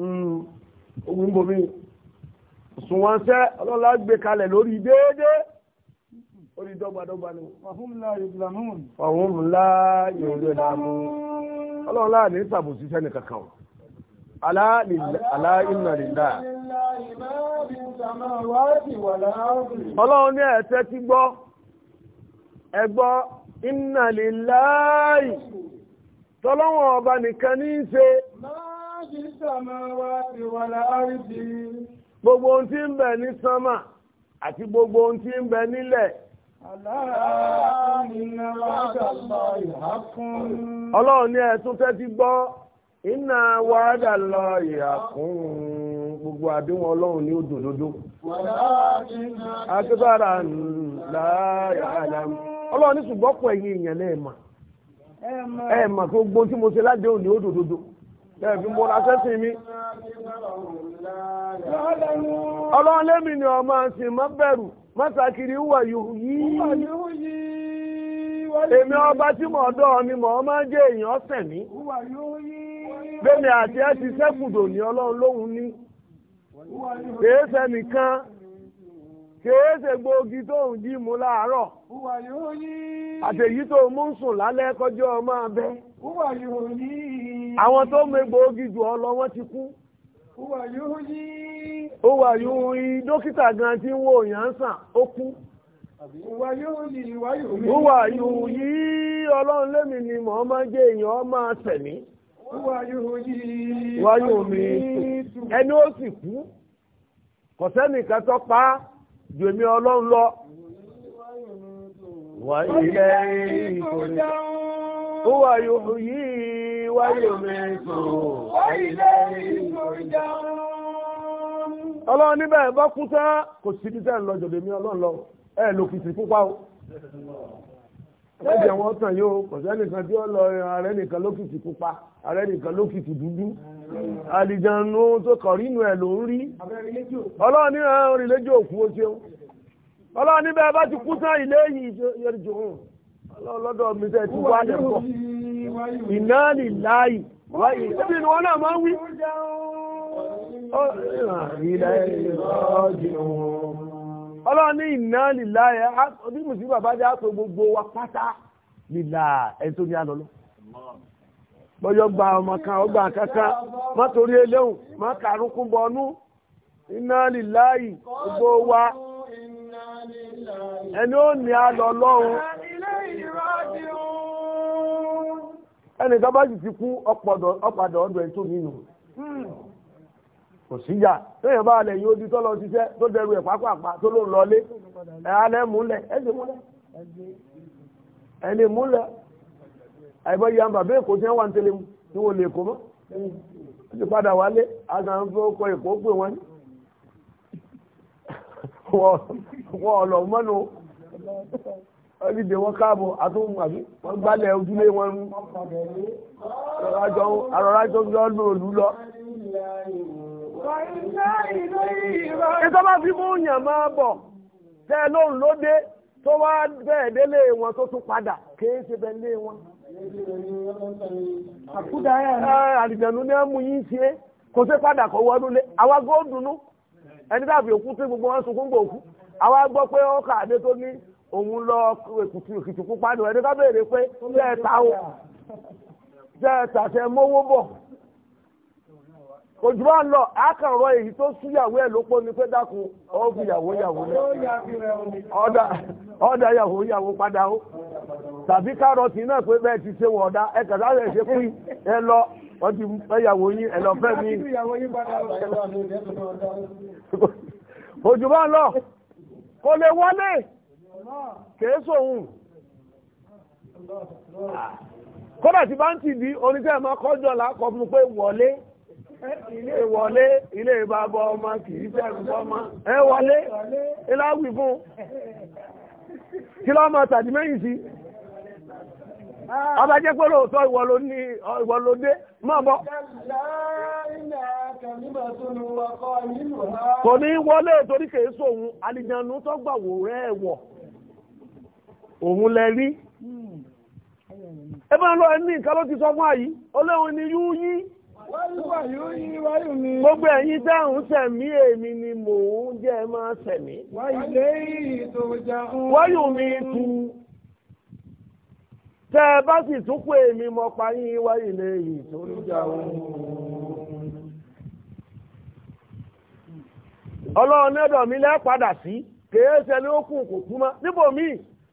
ogun bomi òṣùwọ̀nsẹ́ ọlọ́lá gbé ori lórí déédé orí dọ́gbadọ́gba ni ọ̀hún ńlá yòrò lámú ọlọ́lá ní sàbòsí sẹ́ni kankan o aláìnà nílá ọlọ́run ní ẹ̀ẹ́sẹ́ ti gbọ́ ẹgbọ́ ìnà líláì tọ́lọ́wọ̀n ọba nìkan ní í ṣe Gbogbo ohun tí ń ní sánmà àti gbogbo ohun tí ń bẹ nílẹ̀. Ọlọ́run ní ẹ̀tún gbọ́, iná lọ ìyàkún gbogbo ọlọ́run ní òdòdó. Akébára Ọlọ́run ní ṣùgbọ́n ẹ̀yìn lẹ́ẹ̀mà. gbogbo tí mo ṣe ní òdòdó. lẹ́ẹ̀fí mo ra sẹ́sìn mi. ọlọ́run lẹ́mì ni ọmọ sì mọ́ bẹ̀rù mọ́sàkiri wà yìí. èmi ọba tí mo dọ̀ ni mo máa jẹ́ èèyàn ọ̀sẹ̀ mi. bẹ́ẹ̀ni àti ẹ ti sẹ́kùdò ní ọlọ́run lóhun ní. kèé sẹ́nìkan kèé ṣe gbòógì tó ń jí láàárọ̀. àtẹ̀yí tó mú sùn lálẹ́ abẹ́. àwọn tó mẹ́gbòógì jù ọ lọ wọ́n ti kú ó wà yóò yí dókítà gan tí ń wo èèyàn sàn ó kú ó wà yóò yí ọlọ́run lémi ni mọ̀ máa jẹ́ èèyàn máa tẹ̀mí wà yóò mi ẹni ó sì kú kọ̀sẹ́nìkan tó pa jù èmi ọlọ́run lọ wà Huwa yuhyi wa yumitu wa ilayhi turja'un. Ọlọ́run níbẹ̀ bá kú tán kò sí ibi tẹ́ ń lọ jọ̀dẹ̀ mi ọlọ́run lọ. Ẹ lò kìtì púpá o. Ẹ̀jẹ̀ wọn tàn yóò kò sẹ́nìkan tí ó lọ ààrẹ nìkan lókìtì pupa, ààrẹ nìkan lókìtì dúdú. Àlìjànú tó kọ̀rí inú ẹ̀ ló ń rí. Ọlọ́run ní ọ̀rìn lẹ́jọ́ òkú ó ṣeun. Ọlọ́run níbẹ̀ bá ti kú tán ilé yìí yọrí jòhùn. lọ́dọ̀ mi tẹ́ ti wá pọ̀ iná lè láàyè wáyé ni wọ́n náà máa ń wí. ọlọ́run ní iná lè láàyè bí mùsùlùmí bàbá jẹ́ gbogbo wa pátá lè ní àlọ́lọ́ gba ọmọ kan ọgbà kankan má torí eléhùn má bọnú iná lè ẹnì kan bá sì ti kú ọ̀padà ọ̀dọ̀ ẹ̀ tó nínú kò síjà lóyìn bá alẹ̀ yìí di tọ́lọ ṣiṣẹ́ tó dẹrù ẹ̀ pápápá tó ló ń lọlé ẹ̀ alẹ́ múlẹ̀ ẹ̀ lè múlẹ̀ ẹ̀ lè múlẹ̀ àìbọ̀ yìí bẹ́ẹ̀ kò sí mu tí wọ́n lè kó mọ́ ó ti padà wálé èkó pè wọ́n wọ́n ẹbí dè wọ́n káàbọ̀ àtúnwò àbí wọ́n gbálẹ̀ ojúlé wọn rú àrọ̀rájọ́ ń lọ lòlú lọ. ìtọ́ba fi mú yàn máa bọ̀ tẹ́ lóhùn lóde tó wá bẹ́ẹ̀ délé wọn tó tún padà kìí ṣe bẹ́ẹ̀ lé wọn. àdìjànú ni wọ́n mú yín ṣe kò sí padà kò wọ́n lulẹ̀ àwa gbọ́ dùnú ẹni tàbí òkú tó gbogbo wọn sunkún gbòòkú àwa gbọ́ pé ó kà tó ní. òun lọ èkìtì èkìtì pupa nù ẹni ká béèrè pé ẹ ta o ṣé ẹ tà ṣe mówó òjò bá ń lọ àkàrọ èyí tó súyàwó ẹ ló ni pé dákun ọ fi yàwó yàwó lẹ ọdà yàwó yàwó padà ó tàbí kárọ̀tì náà pé bẹ́ẹ̀ ti ṣe ẹ kàdá rẹ̀ ṣe mi òjò bá ń kèé sóhun kódà tí bá ń tì bí oníṣẹ́ ẹ̀mọ́ kọjọ́ là kọ fún pé wọlé ilé wọlé ilé ìbábọ̀ ọmọ kìí sẹ́rù ọmọ ẹ wọlé iláwì fún kí lọ́mọ tàbí mẹ́yìn sí ọba jẹ́ pé lóòótọ́ ìwọ ló dé máa bọ́. kò ní wọlé torí kèé sóhun alìjànú tó gbàwò rẹ̀ wọ̀. òun lẹ rí lọ ẹni nǹkan ló ti sọ fún àyí ọlọ́run ni yi. yí gbogbo ẹ̀yin dáhùn sẹ̀mí èmi ni mò ń jẹ́ máa sẹ̀mí wáyù mi tu tẹ́ bá sì tún pé èmi mọ pa wáyù lè yìí tó ń ọlọ́run ẹ̀dọ̀ mi lẹ́ padà sí kèé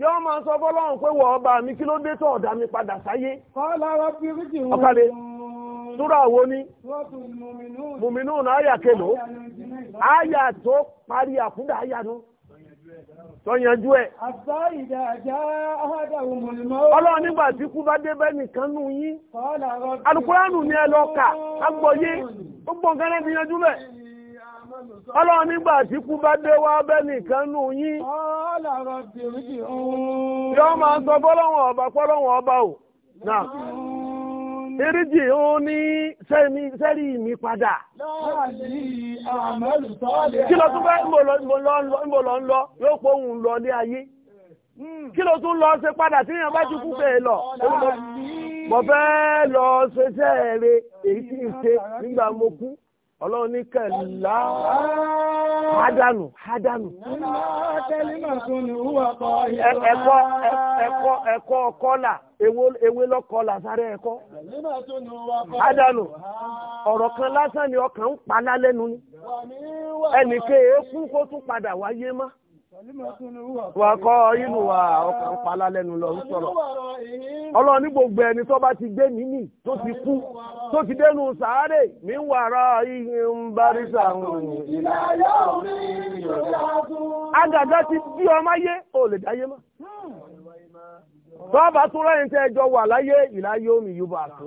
yọ́ máa sọ fọ́lọ́run pé wọ ọba mi kí ló dé tó ọ̀dá mi padà sáyé. wo ni mùmínú náà àyà kélò àyà tó parí àkúdà ayà nu tọ́yanjú ẹ̀. ọlọ́run nígbà tí ni ẹ lọ kà á gbọ́ yé ó gbọ́n ọlọ́run nígbà tí kú bá dé wá bẹ́ nìkan nù yín yọ́ máa sọ fọ́lọ́wọ̀n ọba fọ́lọ́wọ̀n ọba ò náà eréjì ó ní sẹ́rí mi padà kí ló tún fẹ́ ìmọ̀ lọ ń lọ yóò pọ̀ òun lọ ní ayé kí ló tún lọ ṣe padà tí èèyàn bá ti kú bẹ́ẹ̀ lọ mo fẹ́ lọ ṣe sẹ́ẹ̀rẹ̀ èyí tí ń ṣe nígbà mo kú ọlọ́run ní kẹ̀lá hádánù hádánù. ẹ̀kọ́ ẹ̀kọ́ ẹ̀kọ́ kọ́là ewé lọ́kọ́là sáré ẹ̀kọ́. ọ̀rọ̀ kan lásán ni ọkàn ń pa lálẹ́nu ni tún padà wáyé wà kọ́ inú wa ọkàn pala lẹ́nu lọ ń sọ̀rọ̀ ọlọ́ọ̀ni gbogbo ẹni tó bá ti gbé níní tó ti kú tó ti dénú sàárè mi ń wàrà ihe ń bárí ti bí ọmọ ayé ò lè dáyé mọ́ tọ́ọ̀bà tó rẹ́yìn tẹ́ ẹjọ́ wà láyé ìlà yóò yóò bá tó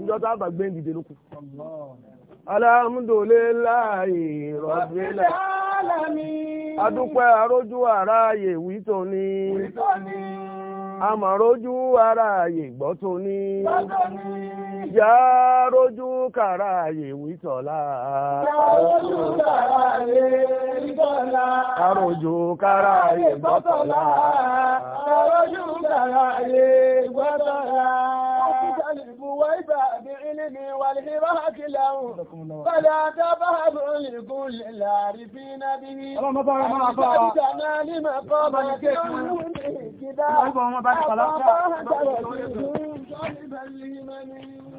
ìjọ tá a gbé ń dìde lókù. alhamdulillahi rabbil alamin. adúpẹ́ arójú aráàyè wí tóní. ni. tóní. amọ̀rójú aráàyè gbọ́ tóní. gbọ́ tóní ìjà kàrà yèwì kàrà kàrà القلب ويبع بعلمي والحراك له فلا تفهم لكل العارفين به أبدنا لمقامك كذا وما فهد رسول صاحب الهمم